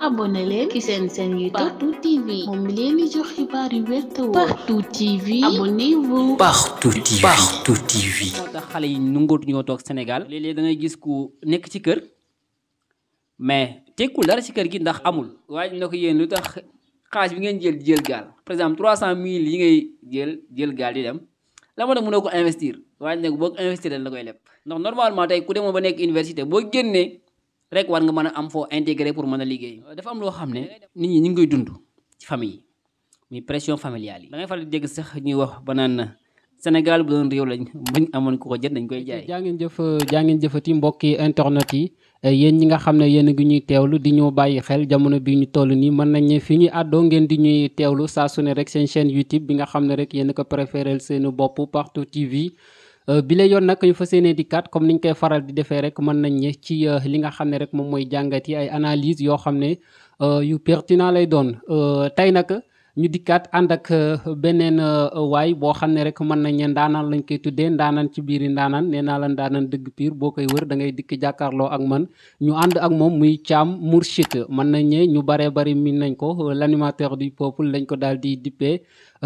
abonné leen ci seen seen YouTube Partout TV moom mi leen di jox xibaar yu wér te Partout TV abonnez-vous tax xale yi ñoo toog Sénégal léeg-léeg da ngay gis ku nekk ci kër mais tekkul dara ci kër gi ndax amul waaye na ko yéen lu tax xaalis bi ngeen jël jël gaal par exemple trois cent mille yi ngay jël jël gaal di dem la ma mu mënoo ko investir waaye nag boo ko investir dañ la koy leb ndax normalement tey ku demoon ba nekk université boo génnee rek war nga mën a am foo intégré pour mën a liggéey. dafa am loo xam ne nit ñi ñu ngi koy dund ci famille muy pression familiale yi. da ngay faral di dégg sax ñuy wax ba naan Sénégal bu doon réew lañ buñ amoon ko jënd nañ koy jaay. jaa ngeen jëf jaa ngeen jëfati mbokki internet yi. yéen ñi nga xam ne yéen a ngi ñuy teewlu di ñu bàyyi xel jamono bi ñu toll nii mën nañ fi ñuy àddoo ngeen di ñuy teewlu saa su ne rek seen chaîne YouTube bi nga xam ne rek yéen ko préféré seen bopp partout TV. Euh, bi la yoon nag ñu fas yéene di kat comme niñ koy faral di defee rek mën nañ ñe ci euh, li nga xam ne rek moom mooy jàngat yi ay analyse yoo xam ne euh, yu pertinent lay doon tey nag ñu dikkaat ànd ak euh, beneen euh, waay boo xam ne rek mën nañ ne ndaanaan lañ koy tuddee ndaanaan ci biiri ndaanaan nee naa la ndaanaan dëgg piir boo koy wër da ngay dikk jàkkaarloo ak man ñu ànd ak moom muy caam Mourchid mën nañ ne ñu baree bari min nañ ko l'animateur du peuple lañ ko daal di dippee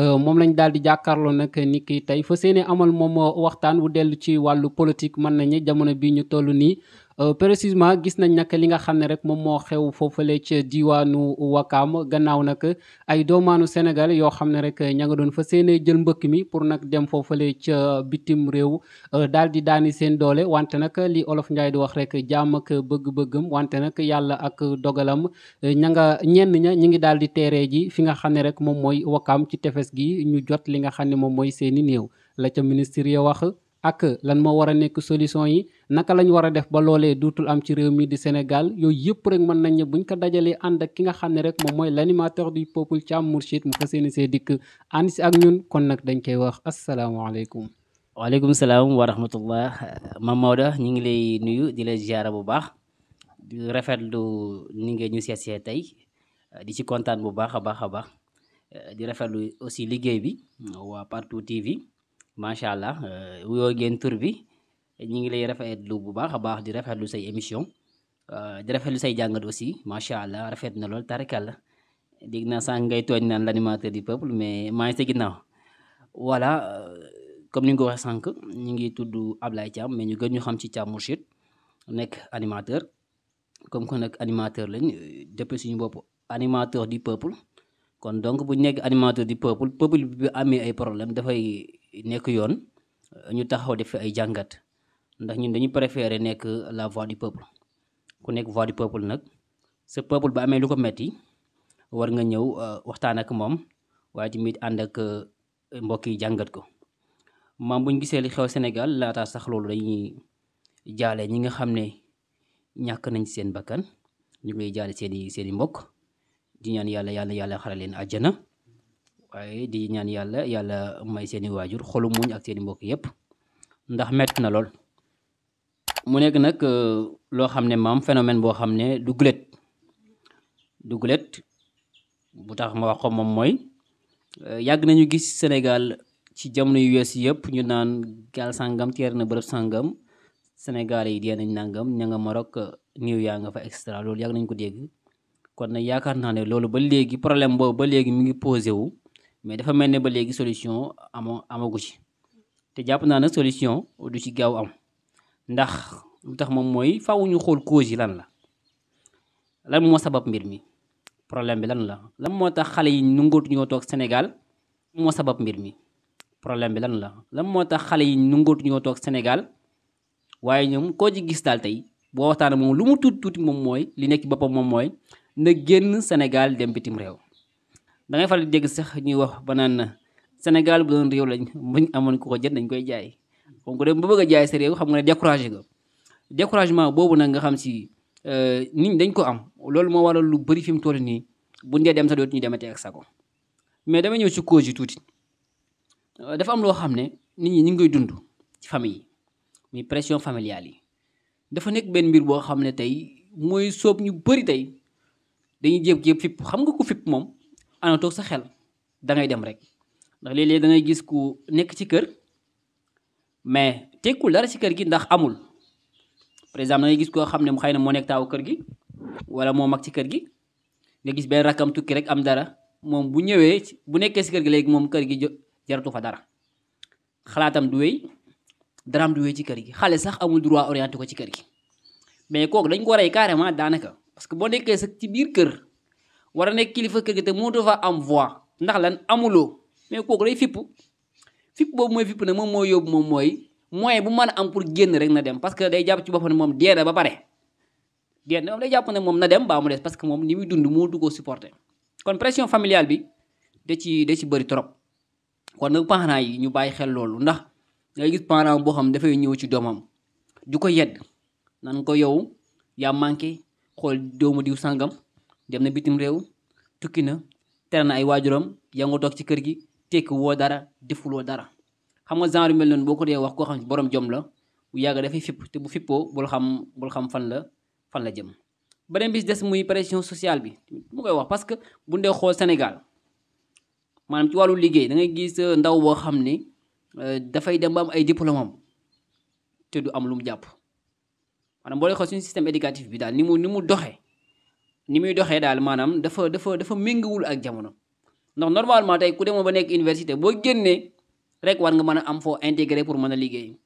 euh, moom lañ daal di jàkkaarloo nag ni kii tey fa seeni amal moom waxtaan wu dellu ci wàllu politique mën nañu jamono bi ñu toll nii Euh, précisément gis nañ nag li nga xam ne rek moom moo xew foofale ca diwaanu Wakaam gannaaw nag ay doomaanu Sénégal yoo xam ne rek ña nga doon fa seenee jël mbëkk mi pour nag dem foofale ca bitim réew euh, daal di daani seen doole wante nag li Olof Njaay di wax rek jaam ak bëgg-bëggam wante nag yàlla ak dogalam euh, ña nga ñenn ña ñi ngi daal di teeree ji fi nga xam ne rek moom mooy Wakaam ci tefes gi ñu jot li nga xam ne moom mooy seeni néew la ca ministre wax ak lan moo war a nekk solution yi naka lañ war a def ba loolee duutul am ci réew mii di Sénégal yooyu yëpp rek mën nañ ne buñ ko dajalee ànd ak ki nga xam ne rek moom mooy l'animateur du ci am Mourchid mu fas yéene see dikk ànd si ak ñun kon nag dañ koy wax asalaamaaleykum. waaleykum salaam wa rahmatullah Mame Maodo ñu ngi lay nuyu di la ziara bu baax di rafetlu ni nga ñu seet see tey di ci kontaan bu baax a baax a baax di rafetlu aussi liggéey bi waa macha allah euh, wuyoo ngeen tur bi ñu ngi lay lu bu baax a baax di rafetlu say émission euh, di rafetlu say jàngat aussi macha allah rafet na lool tarikal la dégg naa sànq ngay tooñ naan l'animateur du peuple mais maa ngi naa ginnaaw voilà euh, comme ni nga ko waxee sànq ñu ngi tudd Ablaye Thiam mais ñu gën ñu xam ci Thiam Mourchid nekk animateur comme que nag animateur lañ depuis suñu bopp animateur du peuple kon donc bu nekk animateur du peuple peuple bi amee ay problème dafay. nekk yoon ñu taxaw def ay jàngat ndax ñun dañu préférer nekk la voix du peuple ku nekk voix du peuple nag sa peuple ba amee lu ko metti war nga ñëw euh, waxtaan ak moom waaye tamit ànd ak euh, mbokk yi jàngat ko maam buñ gisee li xew Sénégal laata sax loolu dañuy jaale ñi nga xam ne ñàkk nañ seen bakkan ñu ngi lay jaale seen i seen i mbokk di ñaan yàlla yàlla yàlla xare leen àjjana waaye di ñaan yàlla yàlla may seeni waajur xolu muñ ak seeni mbokk yëpp ndax metti na lool mu nekk nag euh, loo xam ne maam phénomène boo xam ne du gulet du gulet bu tax ma wax moom mooy euh, yàgg nañu gis senegal ci jamono yu wees yëpp ñu naan gaal sàngam teer na bërëb sàngam Sénégal yi dee nañ nangam ña nga Maroc néew yaa nga fa extra loolu yàgg nañ ko dégg kon nag yaakaar naa ne loolu ba léegi problème boobu ba léegi mi ngi posé wu mais dafa mel ne ba léegi solution amoo amagu ci te jàpp naa ne solution du ci gaaw am ndax lu tax moom mooy fawuñu xool cause yi lan la lan moo sabab mbir mi problème bi lan la. lan moo tax xale yi nangootuñoo toog Sénégal moo sabab mbir mi problème bi lan la lan moo tax xale yi nangootuñoo toog Sénégal waaye ñoom koo ci gis daal tey boo waxtaanee moom lu mu tuuti tuuti moom mooy li nekk boppam moom mooy na génn Sénégal dem bitim réew. da ngay faral di dégg sax ñuy wax ba naan Sénégal bu doon réew lañ buñ amoon ku ko jënd dañ koy jaay kon ku dem ba bëgg a jaay sa réew xam nga ne découragé nga découragement boobu nag nga xam si euh, nit ñi dañ ko am loolu moo waral lu bëri fi mu toll nii buñ dee dem sa dootuñu dematee ak sago mais dama ñëw si cause yi tuuti euh, dafa am loo xam ne nit ñi ñu ngi koy dund ci famille yi muy pression familiale yi dafa nekk benn mbir boo xam ne tey mooy soob ñu bëri tey dañuy jéeg jéeg fipp xam nga ko fipp moom ànd toog ngay dem rek ndax léeg da ngay gis ku nekk ci kër mais tekkul dara ci kër gi ndax amul par exemple gis koo xam ne xëy na moo nekk taawu kër gi wala moo mag ci kër gi nga gis benn rakkam tukki rek am dara moom bu ñëwee bu nekkee ci kër gi léegi moom kër gi jaratu fa dara xalaatam du wéy daraam du wéy ci kër gi xale sax amul droit orienté ko ci kër gi mais kooku dañ ko rey carrément daanaka parce que boo nekkee sax ci biir kër war a nekk kilifa kër gi te moo dafa am voix ndax lan amuloo mais kooku day fipp fipp boobu mooy fipp na moom mooy yóbbu moom mooy moyen bu mën a am pour génn rek na dem parce que day jàpp ci boppam ne moom dee na ba pare dee na moom jàpp ne moom na dem baa mu des parce que moom li muy dund moo du ko supporter kon pression familiale bi da ci da ci bëri kon nag parents yi ñu bàyyi xel loolu ndax ngay gis parent boo xam dafay ñëw ci doomam du ko yedd nan ko yow yaa manqué xool doomu diw sàngam dem na bitim réew tukki na tere na ay waajuram yaa nga toog ci kër gi tekki woo dara defuloo dara xam nga genre mel noonu boo ko dee wax koo xam ne borom jom la bu yàgg dafay fipp bu fippoo bul xam bul xam fan la fan la jëm. beneen bis des muy pression sociale bi mu koy wax parce que bu ndee xool Sénégal maanaam ci wàllu liggéey da ngay gis euh, ndaw boo xam ne euh, dafay dem ba am ay diplôme te du am lu mu jàpp maanaam boo dee xool suñu système éducatif bi daal ni mu ni mu doxee ni muy doxee daal maanaam dafa dafa dafa méngawul ak jamono ndax normalement tey ku demoon ba nekk université boo génnee rek war nga mën a am foo intégré pour mën a liggéey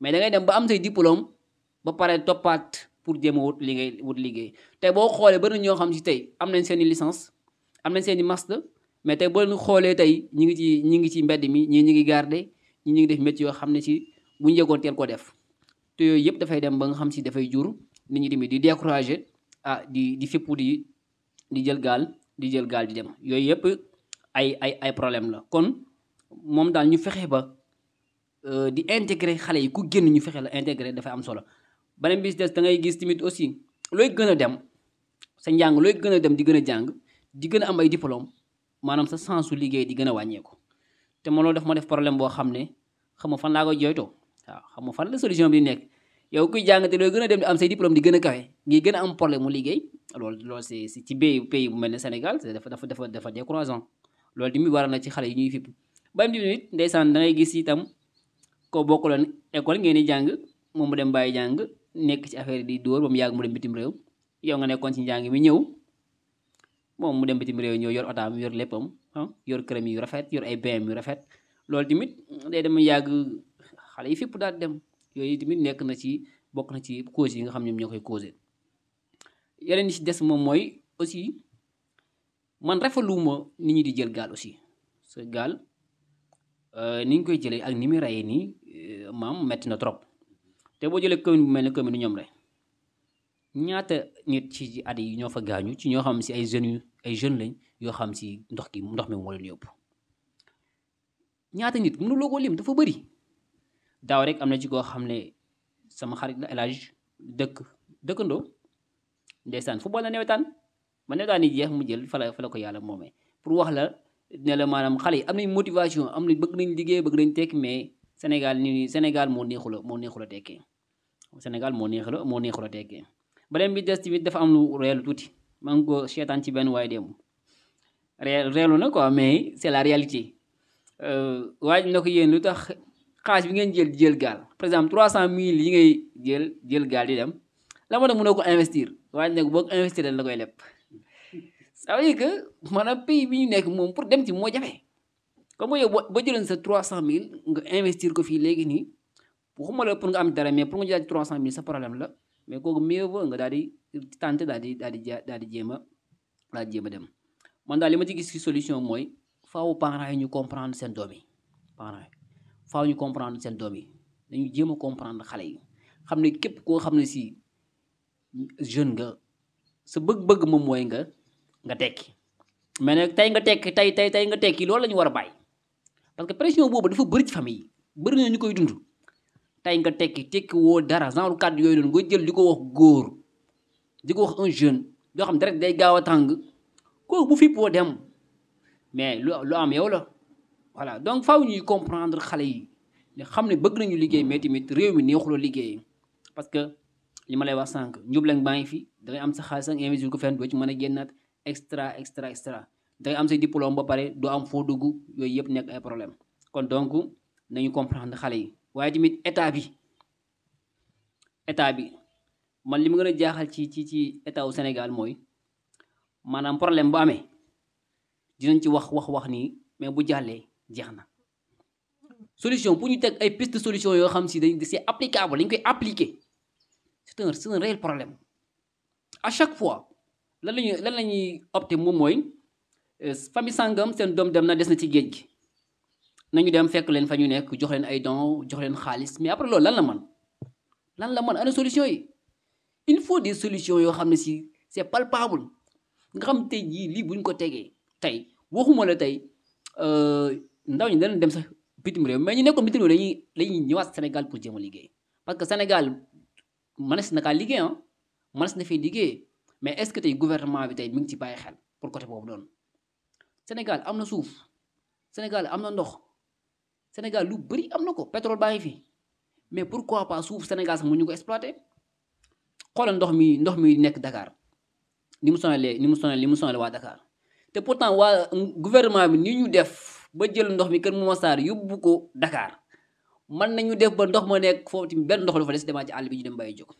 mais da dem ba am say diplôme ba pare toppaat pour jéem a wut liggéey wut liggéey tey boo xoolee ba na ñoo xam si tey am nañ seen i licence am na seen i master mais tey boo nu xoolee tey ñi ngi ci ñi ngi ci mbedd mi ñii ñi ngi garde ñi ngi def métier yoo xam ne si bu ñu yëgoon teel ko def yooyu yëpp dafay dem ba nga xam si dafay jur nit ñi tamit di ah di di fippu di di jël gaal di jël gaal di dem yooyu yëpp ay ay ay problème la kon moom daal ñu fexe ba euh, di intégrer xale yi ku génn ñu fexe la intégrer dafay am solo beneen bis des da ngay gis tamit aussi looy gën a dem sa njàng looy gën a dem di gën a jàng di gën a am ay diplôme maanaam sa sensu liggéey di gën a wàññeeku te ma loolu def ma def problème boo xam ne xam nga fan laa koy jooytoo waaw xam nga fan la solution bi nekk yow kuy jàng te doo gën a dem di am say diplôme di gën a kawe ngi gën a am problème mu liggéey loolu loolu c'est ci pays bu mel ne Sénégal dafa dafa dafa dafa décourageant loolu tamit waral na ci xale yi ñuy fipp ba mu it ndeysaan da ngay gis itam koo bokkuloon école ngeen di jàng moom mu dem bàyyi jàng nekk ci affaire di dóor ba yàgg mu dem bitim réew yow nga nekkoon ci njàng mi ñëw moom mu dem bitim réew ñëw yor otaam yor léppam ah, yor këram yu rafet yor ay BM yu rafet loolu tamit de dem yàgg xale yi fipp daal dem yooyu tamit nekk na ci bokk na ci causes yi nga xam ñoom ñoo koy causé yeneen yi ci des moom mooy aussi man rafetluwuma nit ñi di jël gaal aussi parce que gaal euh, koy jëlee ak ni muy rayee nii euh, maam metti na trop te boo jëlee commune bu mel ne commune ñoom rek ñaata nit ci at yi ñoo fa gaañu ci ñoo xam si ay jeunes yu ay jeunes lañ yoo xam si ndox gi ndox mi moo leen yóbbu ñaata nit mënuloo ko lim dafa bari daaw rek am na ci koo xam ne sama xarit la El dëkk dëkkandoo ndeysaan football la nawetaan ba nawetaan yi jeex mu jël fa la fa la ko yàlla moomee pour wax la ne la maanaam xale yi am nañ motivation am nañ bëgg nañ liggéey bëgg nañ tekki mais Sénégal ni Sénégal moo neexula moo neexula tekkee Sénégal moo neexula moo neexula tekkee beneen bi des tamit dafa am lu reelu tuuti man ngi ko seetaan ci benn waaye démb reelu na quoi mais c'est la réalité euh, waaye na ko yéen lu tax xaalis bi ngeen jël jël gaal par exemple trois cent yi ngay jël jël gaal di dem la ma ne mënoo ko investir waaye nag boo investir dañ la koy lepp sa veut dire que maanaam pays bi ñu nekk moom pour dem ci moo jafe comme yow ba jëloon sa trois cent mille nga investir ko fii léegi nii waxuma la pour nga am dara mais pour nga jëlaat trois cent mille sa problème la mais kooku mieux vaut nga daal di tenter daal di daal di daal di jéem a daal a dem man daal li ma ci gis ci solution mooy faaw parents yi ñu comprendre seen doom yi parents faaw ñu comprendre seen doom yi dañu jéem a comprendre xale yi xam ne képp koo xam ne si jeune nga sa bëgg-bëgg moom mooy nga nga tekki mais ne tey nga tekki tey tey tey nga tekki loolu lañu war a bàyyi parce que pression boobu dafa bëri famille yi bëri na ñu koy dund tey nga tekki tekki woo dara genre kàddu yooyu noonu nga jël di ko wax góor di ko wax un jeune yoo xam ne rek day gaaw a tàng kooku bu fippoo dem mais lu lu am yow la voilà donc faw ñuy comprendre xale yi ne xam ne bëgg nañu liggéey mais tamit réew mi neexuloo liggéey parce que li ma lay wax sànq njublaŋ baa ngi fi dangay am sa xaalis ak investir ko fenn doo ci mën a génnaat extra extra extra dangay am say diplôme ba pare doo am foo dugg yooyu yëpp nekk ay problème kon donc nañu comprendre xale yi waaye tamit état bi état bi man li ma gën a jaaxal ci ci ci état wu Sénégal mooy maanaam problème bu amee dinañ ci wax wax wax nii mais bu jàllee jeex na solution bu ñu teg ay piste solution yoo xam si dañ c'est applicable dañ koy appliquer c'est un c'est un réel problème à chaque fois lan la ñuy lan la ñuy opté moom mooy euh, famille sàngam seen doom dem na des na ci géej gi nañu dem fekk leen fa ñu nekk jox leen ay dons jox leen xaalis mais après loolu lan la mën lan la mën ana solution yi il faut des solutions yoo xam ne si c'est palpable nga xam tey jii lii buñ ko tegee tey waxuma la tey euh, ndaw ñi danañ dem sax bitim réew mais ñu nekkoon bitim réew dañuy dañuy ñëwaat Sénégal pour jéem a liggéey parce que Sénégal mënees na kaa liggéey ah mënees liggéey mais est-ce que gouvernement bi tey mi ngi ci bàyyi xel pour côté boobu doon Sénégal am na suuf Sénégal am na ndox Sénégal lu bëri am na ko pétrole baa ngi fi mais pourquoi pas suuf Sénégal sax mu ñu ko exploité xool ndox mi ndox mi nekk dakaar ni mu sonalee ni mu sonalee ni mu waa Dakar te pourtant waa gouvernement bi ni ñu def. ba jël ndox mi Kër Momar yóbbu ko Dakar mën ñu def ba ndox ma nekk foofu tamit benn ndox la fa des demaa ci àll bi ñu dem bàyyi jóg.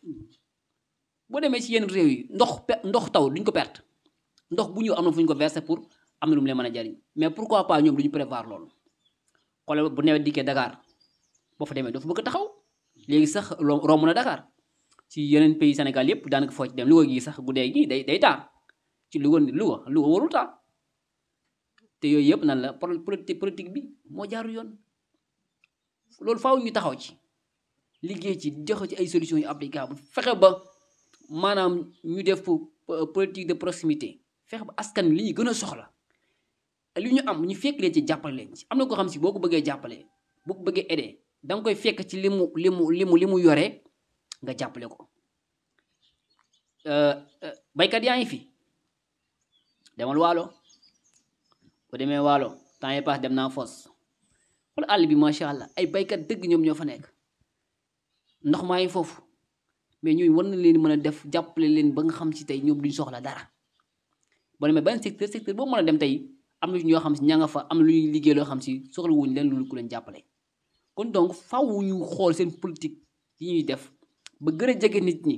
boo demee ci yenn réew yi ndox ndox taw duñ ko perte ndox bu ñëw am na fu ñu ko verser pour am na lu mu leen mën a jariñ mais pourquoi pas ñoom du ñu prévoir loolu. xoolal bu nawet dikkee dakaar boo fa demee dafa fa bëgg taxaw léegi sax romb na Dakar ci yeneen pays Sénégal yëpp daanaka foo ci dem Louga gi sax guddee gi day day taa ci Louga Louga Louga warul taa. te yooyu yëpp nan la politique politique bi moo jaaru yoon loolu faaw ñu taxaw ci liggéey ci joxe ci ay solutions yu applicable fexe ba maanaam ñu def euh, politique de proximité fexe ba askan li ñu gën a soxla li ñu am ñu fekk leen ci jàppale leen ci am na ko xam si boo ko bëggee jàppale boo ko bëggee aider danga koy fekk ci li mu li mu li mu li mu yore nga jàppale ko euh, euh, baykat yaa ngi fi demal waalo bu demee waalo temps yi pass dem naa fos xool àll bi macha allah ay baykat dëgg ñoom ñoo fa nekk ndox maa ngi foofu mais ñooy war na leen mën a def jàppale leen ba nga xam si tey ñoom duñ soxla dara boo demee benn secteur secteur boo mën a dem tey am na xam si ña nga fa am lu liggéey loo xam si soxla wuñ leen lu ku leen jàppale kon donc faw ñu xool seen politique yi ñuy def ba gër a jege nit ñi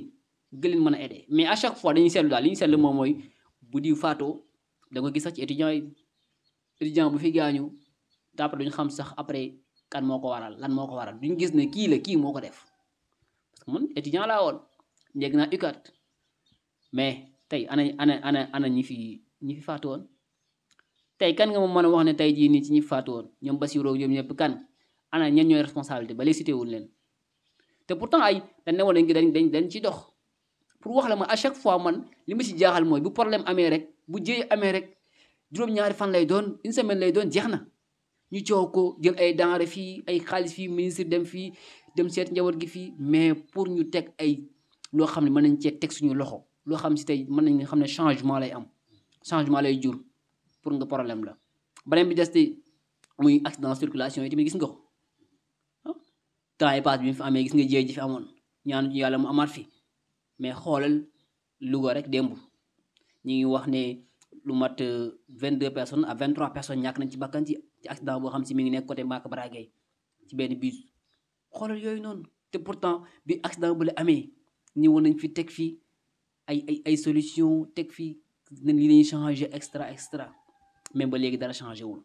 gën leen mën a aider mais à chaque fois dañuy seetlu daal li ñu seetlu moom mooy bu di faatoo da gis sax ci étudiants étudiant bu fi gaañu d'après duñ xam sax après kan moo ko waral lan moo ko waral duñ gis ne kii la kii moo ko def parce que man étudiant laa woon njëg naa UCAD mais tey ana ana ana ana ñi fi ñi fi faatu woon tey kan nga ma mën a wax ne tey jii nii ñi faatu woon ñoom Basirou ñoom ñëpp kan ana ñan ñooy responsabilité ba léegi cité leen te pourtant ay dañ ne woon dañ dañ dañ ci dox pour wax la ma a chaque fois man li ma si jaaxal mooy bu problème amee rek bu jéey amee rek. juróom-ñaari fan lay doon une semaine lay doon jeex na ñu coow ko jël ay denrées fii ay xaalis fii ministre dem fii dem seet njaboot gi fii mais pour ñu teg ay loo xam ne mën nañ cee teg suñu loxo loo xam si tey mën nañ xam ne changement lay am changement lay jur pour nga problème la beneen bi des te muy accident circulation yi tamit gis nga ko ah, temps yi passe bi fi amee gis nga jéey ji fi amoon ñaanu yàlla mu amaat fi mais xoolal Louga rek démb ñu ngi wax ne lu mat euh, vingt deux personnes à vingt trois personnes ñàkk nañ ci bakkan ci accident boo xam si mi ngi nekk côté Maka Baragay ci benn bus xoolal yooyu noonu te pourtant bi accident bu la amee ñëwoon nañ fi teg fii ay ay ay solution teg fii nañ li lañu changé extra extra mais ba léegi dara changé wul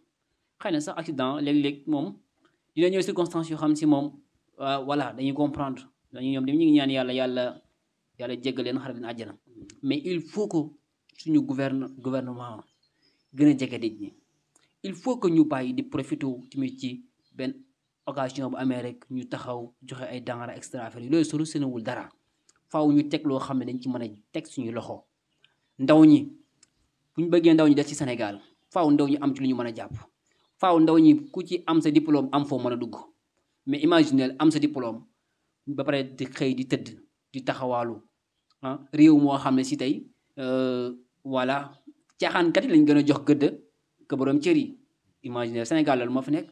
xëy na sax accident léeg-léeg moom dina ñëw circonstance yoo xam si moom voilà dañuy comprendre dañu ñoom dañu ñu ngi ñaan yàlla yàlla yàlla jéggal leen xaral leen àjjana suñu gouverne gouvernement gën a jege nit ñi il faut que ñu bàyyi di profité tamit ci benn occasion bu amee rek ñu taxaw joxe ay denrées extra affaire yi loolu solutionné dara faw ñu teg loo xam ne dañ ci mën a teg suñu loxo ndaw ñi bu ñu bëggee ndaw ñi des ci Sénégal faw ndaw ñi am ci lu ñu mën a jàpp faw ndaw ñi ku ci am sa diplôme am foo mën a dugg mais imaginel am sa diplôme ba pare di xëy di tëdd di taxawaalu ah, réew moo xam ne si tey Euh, voilà caaxaankat yi lañ gën a jox gëdd ke borom cër yi imaginaire Sénégal loolu moo fi nekk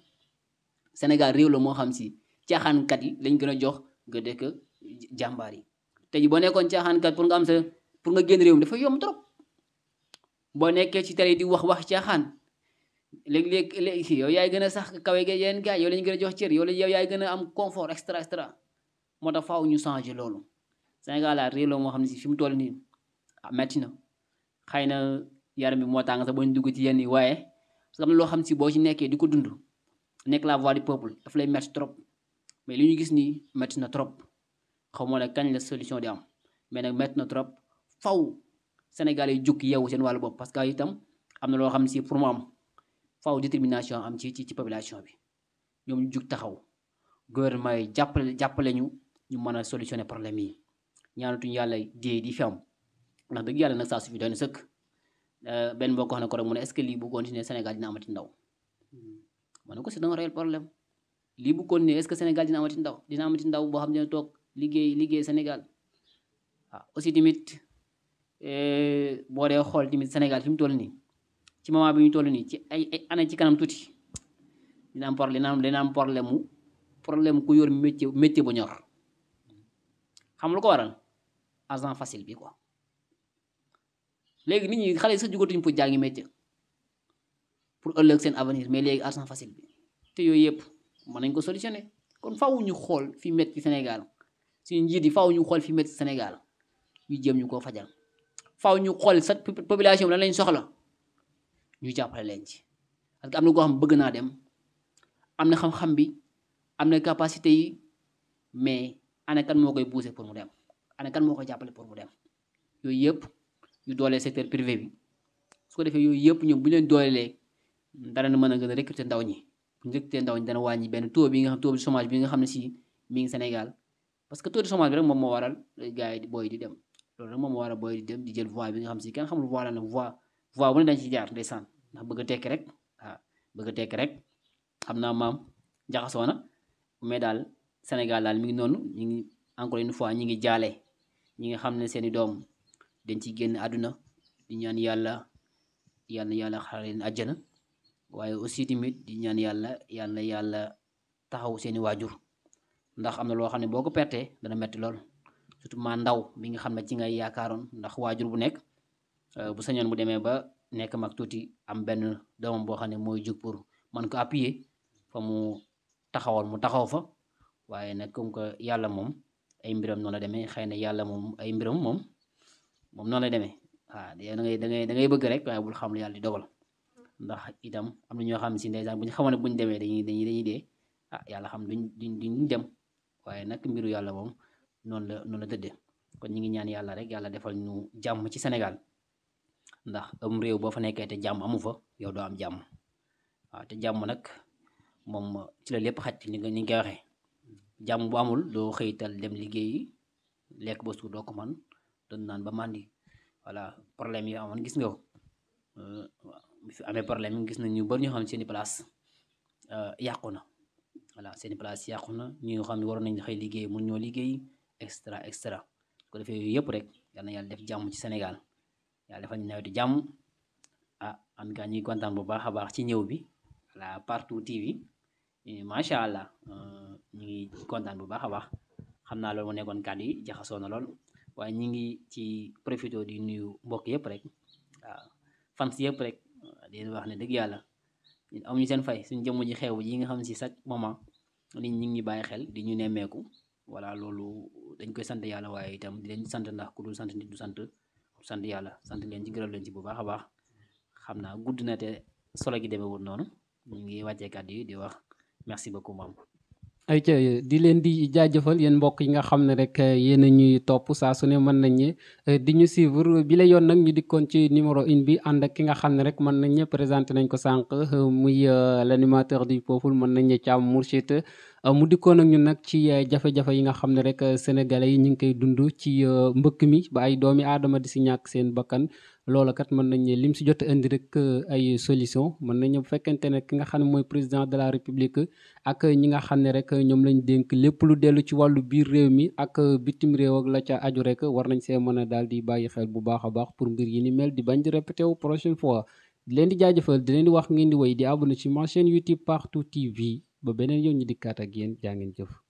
Sénégal réew la moo xam si caaxaankat yi lañ gën a jox gëdd ke jàmbaar yi te ji boo nekkoon caaxaankat pour nga pour nga génn réew dafa yomb boo nekkee ci télé di wax wax caaxaan léeg-léeg léegi yow yaay gën a sax kawe ge yeen gaay yow lañ gën jox cër yow la yaay gën am confort extra extra moo tax ñu changer loolu Sénégal la moo xam ne si fi mu toll nii metti na xëy na yaram bi moo tàng sax bañ dugg ci yenn yi waaye parce que am na loo xam si boo ci nekkee di ko dund nekk la voix du peuple daf lay metti trop mais li ñu gis ni metti na trop xaw moo ne kañ la solution di am mais nag metti na trop faw Sénégal yi jukki seen wàllu bopp parce que itam am na loo xam si pour mu am faw détermination am ci ci ci population bi ñoom ñu jug taxaw gouvernement yi jàppale jàppale ñu ñu mën a solutionner problème yi ñaanatuñu yàlla dee di fi am ndax dëgg yàlla nag saa su fi doon sëkk eh, benn mbokk na ko rek mu ne est-ce que lii bu continuer Sénégal dina amati ndaw ma ne ko c'est un réel problème lii bu continuer est-ce que Sénégal dina amati ndaw dina amati ndaw boo xam ne toog liggéey liggéey Sénégal waaw ah, aussi tamit eh, boo xool tamit Sénégal fi mu toll nii ci moment bi ñu toll nii ci ay ay année ci kanam tuuti dina am problème dina am problème mu problème ku yor métier métier bu ñor xam lu ko waral argent facile bi quoi. léegi nit ñi xale sa sax jugatuñ pour jàngi métier pour ëllëg seen avenir mais léegi argent facile bi te yooyu yëpp mën nañ ko solutionner kon faaw ñu xool fi métti ci Sénégal suñu njiit yi faaw ñu xool fi métti Sénégal ñu jéem ñu koo fajal faaw ñu xool sa population bi lan lañ soxla ñu jàppale leen ci parce que am na koo xam bëgg naa dem am na xam-xam bi am na capacité yi mais ana moo koy pousser pour mu dem ana kan moo koy jàppale pour mu dem yooyu yëpp. ñu dooleel secteur privé bi su ko defee yooyu yëpp ñoom bu ñu leen doolelee dara na mën a gën a recruter ndaw ñi bu ñu recruter ndaw ñi dana wàññi benn taux bi nga xam taux de bi nga xam ne si mi ngi Sénégal parce que taux de chômage bi moom moo waral gars yi booy di dem loolu rek moom moo di dem di jël voie bi nga xam si kenn xamul voie lan la voie voie bu ne dañ ci ndax bëgg a tekki rek bëgg a tekki rek xam naa maam jaxasoo na mais daal Sénégal daal mi ngi noonu ñu ngi encore une fois ñi ngi jaale ñi nga xam ne seeni doom dañ ci génn àdduna di ñaan yàlla yàlla yàlla xaar leen waaye aussi tamit di ñaan yàlla yàlla yàlla taxaw seeni waajur ndax am na loo xam ne boo ko pertee dana metti lool surtout ma ndaw mi ngi xam ne ci ngay yaakaaroon ndax waajur bu nekk euh, bu sañoon bu demee ba nekk mag tuuti am benn doomam boo xam ne mooy jóg pour man ko appuyer fa mu taxawoon mu taxaw fa waaye nag comme que yàlla moom ay mbiram noonu la demee xëy na yàlla moom ay mbiram moom moom noonu lay demee waaw da na da ngay da bëgg rek waaye bul xam lu yàlla di dogal ndax itam am na ñoo xam si ndeysaan bu ñu xamoon ne bu ñu demee dañuy dañuy dañuy dee ah yàlla xam duñ duñ duñ dem waaye nag mbiru yàlla moom noonu la noonu la tëddee kon ñu ngi ñaan yàlla rek yàlla defal ñu jàmm ci senegal ndax am réew boo fa nekkee te jàmm amu fa yow doo am jàmm waaw te jàmm nag moom ci la lépp xaj ni nga ni nga koy waxee jàmm bu amul doo xëytal dem liggéey lekk ba suur doo ko man doon naan ba màndi voilà problème yi amoon gis nga ko euh, fi amee problème gis nañ ñu bari ñu xam seeni euh, i place yàqu na voilà seen i yàqu na ñi xam ne waroon nañ xëy liggéey mun ñoo liggéey extra extra ko defee yooyu yëpp rek yal na yàlla def jàmm ci Sénégal yàlla defal ñu nawetu jàmm ah en tout ñuy kontaan bu baax a baax ci ñëw bi voilà partout TV macha allah euh, ñu ngi kontaan bu baax a baax xam naa loolu mu nekkoon kàddu yi jaxasoo na lool waaye ñi ngi ci profité di nuyu mbokk yëpp rek waaw fans yëpp rek di wax ne dëgg yàlla am ñu seen fay suñ jëmm ji xew yi nga xam si chaque moment nit ñi ngi bàyyi xel di ñu nemmeeku voilà loolu dañ koy sant yàlla waaye itam di leen sant ndax ku dul sant nit du sant sant yàlla sant leen ci gërëm leen ci bu baax a baax xam naa gudd na te solo gi demee woon noonu ñu ngi wàccee kàddu yi di wax merci beaucoup maam ay ca di leen di jaajëfal yéen mbokk yi nga xam ne rek eh, yéen ñuy topp saa su ne mën nañ ñe eh, di ñu suivre bi la yoon nag ñu dikkoon ci numéro une bi ànd ak ki nga xam ne rek mën nañ ñe présenté nañ ko sànq eh, muy l'animateur du peuple mën nañ ñe Thiam Mourchid mu dikkoon ak ñun nag ci jafe-jafe yi nga xam ne rek sénégalais yi ñu ngi koy dund ci mbëkk mi ba ay doomi aadama di si ñàkk seen bakkan loola kat mën nañ ne lim si jot indi rek euh, ay solution mën nañ bu fekkente ne ki nga xam ne mooy président de la république ak ñi nga xam ne rek ñoom lañ dénk lépp lu dellu ci wàllu biir réew mi ak euh, bitim réew ak la ca aju rek war nañ see mën a daal di bàyyi xel bu baax a baax pour mbir yi ni mel di bañ di répété wu prochaine fois di leen di jaajëfal di leen di wax ngeen di woy di abonné ci ma chaîne YouTube Partout TV ba beneen yoon ñu dikkaat ak yéen jaa ngeen jëf